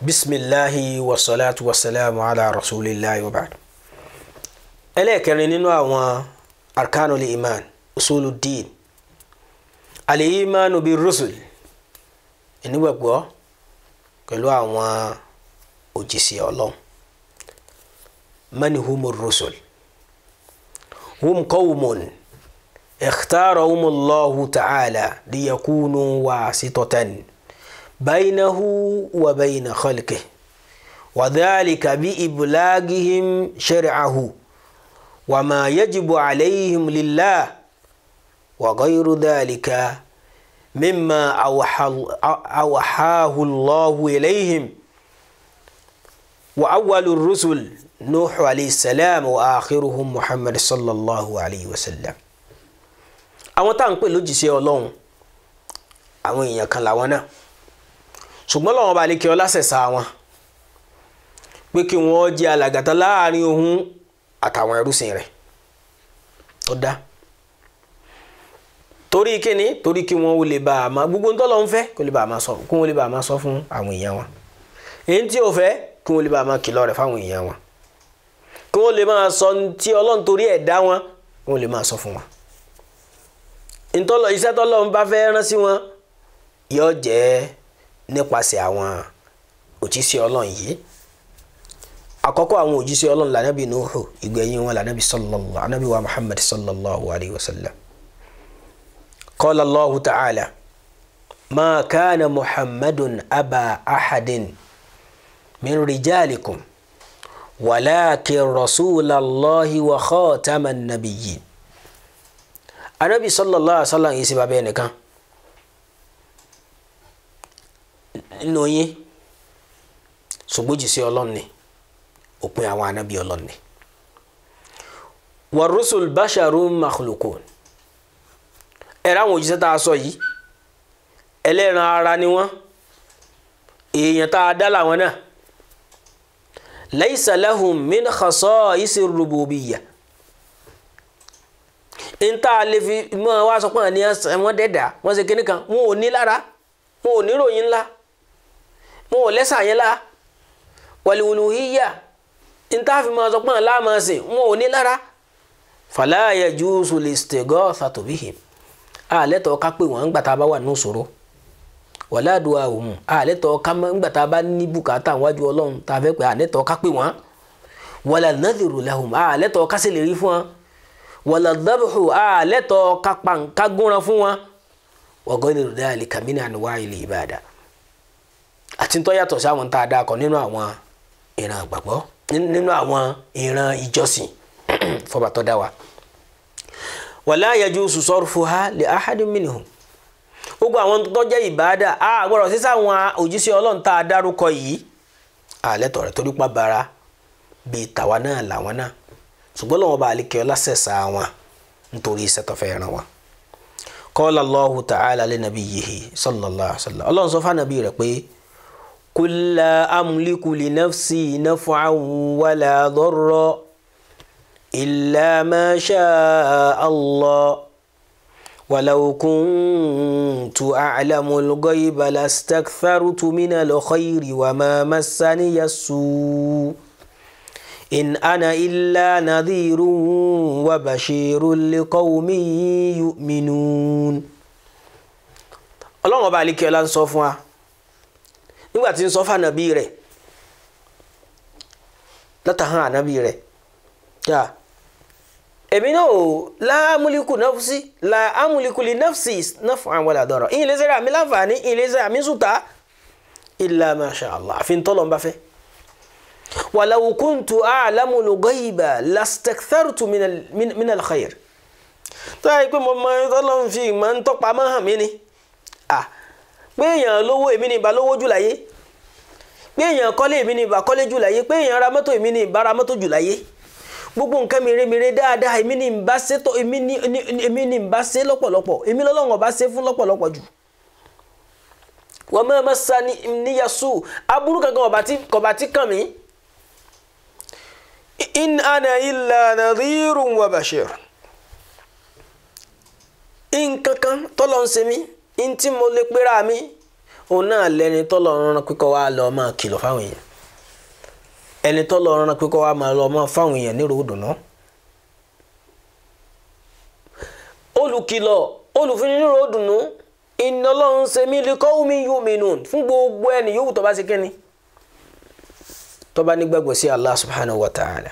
bisimilahi wasalaatu wasalaamu ala rasulillahi wa baad ẹlẹ́ẹ̀kẹrin nínú àwọn arkanul iman usulu diin al-imanu bi rusul ìnígbàgbọ́ pẹ̀lú àwọn òjìṣẹ́ ọlọ́run mani humu rusul hum qawmun ikhtarahumullahu ta'ala liyakunu wasitatan. بينه وبين خلقه وذلك بإبلاغهم شرعه وما يجب عليهم لله وغير ذلك مما أوحاه الله إليهم وأول الرسل نوح عليه السلام وآخرهم محمد صلى الله عليه وسلم àwọn tá à ń pè lójíṣẹ́ Ọlọ́run àwọn ṣùgbọ́n lọ́wọ́n bá lè kí ọ lásẹ̀sà wọn pé kí wọ́n jẹ́ alàgàtà láàrin òun àtàwọn ẹrúsìn rẹ̀ tó dá torí kíni torí kí wọ́n ó lè bá a máa gbogbo ńtọ́ lọ́n fẹ́ kí wọ́n lè bá a máa sọ kí wọ́n lè bá fún àwọn èèyàn wọn èyí tí ò fẹ́ kí wọ́n lè bá a máa kìlọ̀ rẹ̀ fáwọn èèyàn wọn kí wọ́n lè máa sọ tí ọlọ́run torí ẹ̀ dá wọn kí wọ́n lè máa sọ fún wọn ntọ́lọ tọ́lọ́run bá fẹ́ rán sí wọn yóò jẹ́ nípasẹ̀ àwọn òjíṣẹ́ ọlọ́run yìí àkọ́kọ́ àwọn òjíṣẹ́ ọlọ́run lànàbí nuhu ìgbẹ̀yìn wọn lànàbí sallallahu anabi wa muhammad sallallahu alayhi wa sallam qala allahu ta'ala ma kana muhammadun aba ahadin min rijalikum walakin rasulallahi wa khataman nabiyyin anabi sallallahu alayhi wa sallam yìí sì bàbá nínú yín ṣùgbọ́n òjíṣẹ́ ọlọ́run ni òpin àwọn anábì ọlọ́run ni warusul basharun makhlukun ẹ̀rọ àwọn òjíṣẹ́ tá a sọ yìí ẹlẹ́ran ara ni wọ́n èèyàn tá a dá làwọn náà laysa lahum min khasa'isi rububiyyah nta lè fi mọ́ wá sọ pé àwọn ẹni wọ́n dẹ́dà wọ́n ṣe kíní kan wọn ò ní lára wọn ò ní ròyìn ńlá wọn ò lẹ́sà yẹn la wàlúwùlùhíyà ntàfi máa sọ pọ́n láàmásìn wọn ò ní lára fàlàyé jùúsù lè stẹgọ́ sàtòbíhì àlẹ́tọ̀ ká pé wọ́n ń gbàtà bá wà ní ìṣòro wàláàdùn àwòmù àlẹ́tọ̀ ká ń gbàtà bá ní bùkátà wájú ọlọ́run tá a fẹ́ pé àlẹ́tọ̀ ká pé wọ́n wàlà nàdìrò làwòmù àlẹ́tọ̀ ká sì lè rí fún wọn wàlà dábùhù àlẹ́tọ̀ ká pa nǹkan fún wọn wàgọ́ ìrìnàlè kàmínà àníwá ilé ìbàdàn àti tó yàtọ̀ sí àwọn tá a dá akọ nínú àwọn ìran àgbàgbọ́ nínú àwọn ìran ìjọsìn fọba dá wa. wala yajuzu sarfuha li ahadin gbogbo a gbọ́dọ̀ sísá àwọn òjíṣẹ́ ọlọ́run tá a dárúkọ yìí àlẹ́tọ̀ rẹ̀ torí pa bara bíi tàwa náà làwọn náà ṣùgbọ́n bá alikẹ́ Allahu ta'ala sallallahu ọlọ́run sọ fún rẹ̀ قل لا أملك لنفسي نفعا ولا ضرا إلا ما شاء الله ولو كنت أعلم الغيب لاستكثرت من الخير وما مسني السوء إن أنا إلا نذير وبشير لقوم يؤمنون ọlọ́run ọba àlekè ọlá ń sọ fún wa nígbà tí ń sọ fànàbí rẹ̀ látàhán ànábì rẹ̀ yà èmi náà ò láàmúlíkù náfúsí láàmúlíkù lè náfúsí náfún àwọn àdọ̀rọ̀ ìyìn lẹ́sẹ̀ rà mí láǹfààní ìyìn lẹ́sẹ̀ rà mí sùtà illa ma sha Allah àfi ń tọ́lọ̀ ń bá fẹ́. walaw kuntu a'lamu al-ghayba lastakthartu min al-khair. tó yà pé mo ń fi ìmọ̀ ń tọ́pamọ́ hàn mí ni. pé èèyàn lówó èmi ní ìbá lówó jù láyé pé èèyàn kọ́lé èmi ní ìbá kọ́lé jù láyé pé èèyàn ra mọ́tò èmi ra mọ́tò jù gbogbo nǹkan mèremère dáadáa èmi ní ìbá ṣe tó èmi ní èmi ìbá ṣe lọ́pọ̀lọpọ̀ èmi ṣe fún lọ́pọ̀lọpọ̀ jù wọ́n sa mẹ́sàn níyàsù aburú kankan ọ̀bà tí kàn mí in n tí mo lè pera mi òun náà lẹni tọ́lọ̀ rán lọ máa kìlọ̀ fáwọn èèyàn ẹni tọ́lọ̀ rán pípọ́ wa máa lọ máa fáwọn èèyàn nírò òdùnnà olùkìlọ̀ olùfini nírò òdùnnà iná ọlọ́run ṣe mí likọ́ gbogbo ẹni yòówù tó ṣe kíni tó bá nígbàgbọ́ sí Allah subhanahu wa ta'ala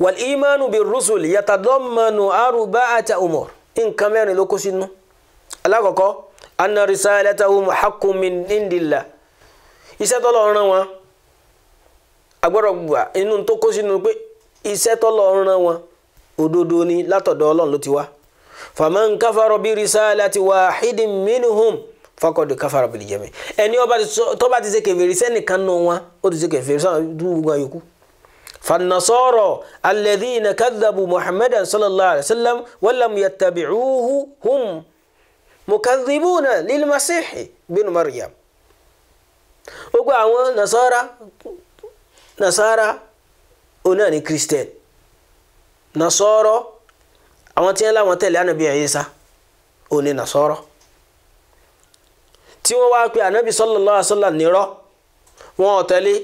wal imanu bi rusuli yatadammanu arba'ata umur nǹkan mẹ́rin ló kó alákọ̀ọ́kọ́ anna risalatahu haqqun min indillah iṣẹ́ t'Ọlọ́run rán wọn agbọ́dọ̀ gbà inú tó kó sínú pé iṣẹ́ t'Ọlọ́run rán wọn òdodo ni látọ̀dọ̀ ọlọ́run ló ti wá faman kafaro bi risalati wahidin minhum fakọ̀dù kafaro bil jami ẹni tó bá ti ṣe kèfèrí sẹ́nìkan nù wọn ó ti ṣe kèfèrí sáwọn dúgbò ayòkú fannasọ́rọ̀ alladhina kadhabu muhammadan sallallahu alayhi wa sallam walam yattabi'uhu hum mukadhibuna lilmasihi bínú maryam gbogbo àwọn nasara nasara oní àní christian nasọ́rọ́ àwọn tí wọ́n láwọn tẹ̀lé anabi Isa oní nasọ́rọ́ tí wọ́n wá pe anabi sallallahu alaihi wasallam nírọ́ wọn ò tẹ̀lé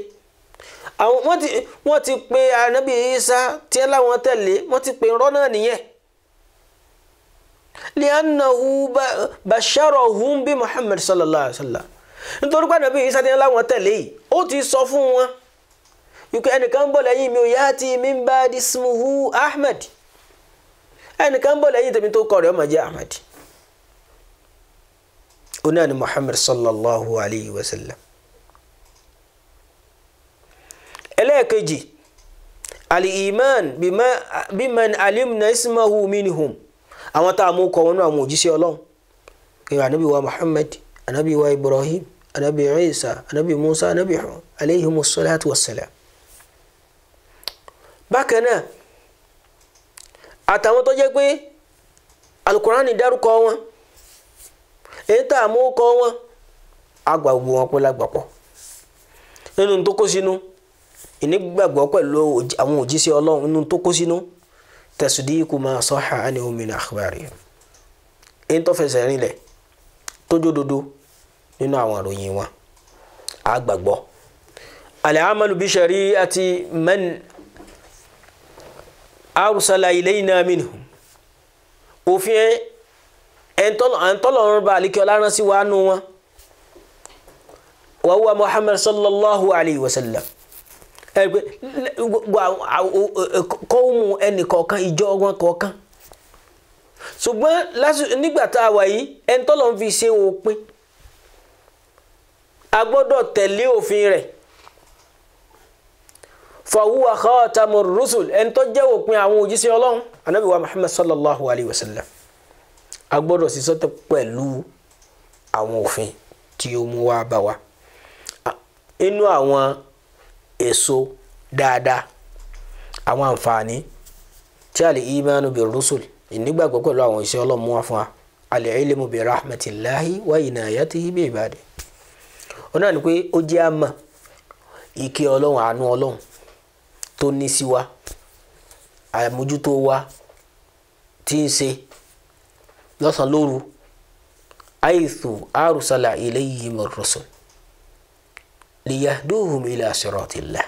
wọ́n ti pe anabi Isa tí wọ́n láwọn tẹ̀lé wọ́n ti pe irọ́ náà nìyẹn li'annahu basharahum bi muhammad sallallahu alayhi wa sallam nítorí pé ànábì Ìsá tẹ́lẹ̀ láwọn tẹ̀lé yìí ó ti sọ fún wọn ikú ẹnìkan ń bọ̀ lẹ́yìn mi ò ya'ti min ba'di ismuhu ahmed ẹnìkan ń bọ̀ lẹ́yìn tèmi tó kọ rẹ̀ ó máa jẹ́ ahmed onáà ni muhammad sallallahu alayhi wa ẹlẹ́ẹ̀kejì al-iman biman ismahu minhum àwọn tá a mú kọ wọn náà àwọn òjíṣẹ́ ọlọ́run ànábì wa muhammad ànábì wa ibrahim ànábì isa ànábì musa ànábì hàn aleyhi bákan náà àtàwọn tó jẹ́ pé ni dárúkọ wọn èyí tá a mú kọ wọn àgbà gbogbo wọn pé lágbàpọ̀ nínú tó kó sínú pẹ̀lú àwọn òjíṣẹ́ ọlọ́run nínú tẹ̀sídìíkù máa sọ́hà á ní omi ní àkùbárì ẹni tó fẹsẹ̀ rinlẹ̀ tójó dodo nínú àwọn ìròyìn wọn á gbàgbọ́ al-amalu bi shari'ati man arsala ilayna minhum òfin ẹ̀ńtọ́lọ́run bá àlíkẹ́ ọlárán sí wàánu wọn wa huwa sallallahu alayhi wa sallam ẹgbẹ́ kọ́ọ̀mù ẹnì kọ̀ọ̀kan ìjọ wọn kọ̀ọ̀kan ṣùgbọ́n nígbà tá a wà yìí ẹni tọ́lọ̀ ń fi ṣe òpin a gbọ́dọ̀ tẹ̀lé òfin rẹ̀ fàwùwà khatamu rusul ẹni tó jẹ́ òpin àwọn òjíṣẹ́ ọlọ́run anabi wa muhammad sallallahu alayhi wa sallam a gbọ́dọ̀ sísọ tẹ pẹ̀lú àwọn òfin tí ó mú wá bá wa inú àwọn èso dáadáa àwọn àǹfààní tí al-imanu bir-rusul ìnígbàgbọ́ pẹ̀lú àwọn iṣẹ́ Ọlọ́run mú wá fún wa al-ilmu bi rahmatillahi wa inayatihi bi ibadi ó náà ni pé ó jẹ́ àmà ike Ọlọ́run àánú Ọlọ́run tó ní sí wa àmójútó wa tí ń ṣe lọ́sàn-án lóru aithu arsala ilayhim ar-rusul liyahduhum ila siratillah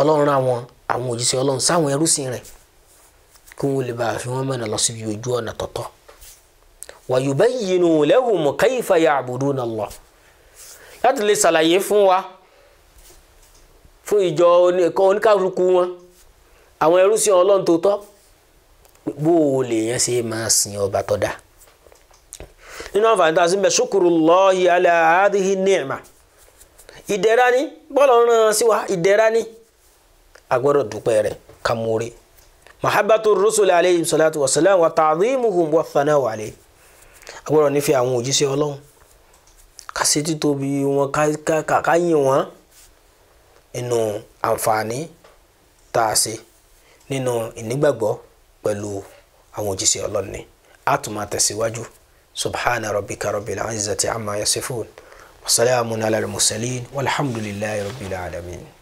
ọlọ́run rán àwọn àwọn òjíṣẹ́ ọlọ́run sáwọn ẹrúsìn rẹ̀ kí wọ́n lè bá a fi wọ́n mọ̀nà lọ síbi ojú ọ̀nà tọ̀tọ̀ wa yubayyinu lahum kayfa ya'buduna Allah láti lè ṣàlàyé fún wa fún ìjọ oníkàlùkù wọn àwọn ẹrúsìn ọlọ́run tó tọ́ bó o lè yẹn ṣe máa sin ọba tó dá nínú àǹfààní tá a sì ń bẹ shukurullahi ala hadhihi ni'mah ìdẹ̀ra ni bọ́ọ̀lù ràn sí wa ìdẹ̀ra ni a gbọ́dọ̀ dúpẹ́ rẹ̀ ká múre mahabatu rusuli alayhi salatu wa salam wa ta'dhimuhum wa thana'u alayhi a gbọ́dọ̀ nífẹ̀ẹ́ àwọn òjíṣẹ́ ọlọ́run ká ṣe títóbi wọn ká yìn wọ́n inú àǹfààní tá a ṣe nínú ìnígbàgbọ́ pẹ̀lú àwọn òjíṣẹ́ ọlọ́run ni a tún máa tẹ̀síwájú subhana rabbika rabbil izzati amma yasifun. وسلام على المرسلين والحمد لله رب العالمين